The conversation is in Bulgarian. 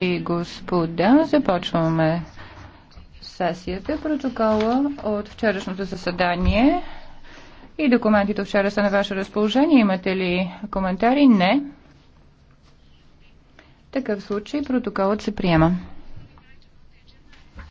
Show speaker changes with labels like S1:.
S1: и
S2: господа, започваме сесията. Протокола от вчерашното заседание и документите вчера са на ваше разположение. Имате ли коментари? Не. В такъв случай
S3: протоколът се приема.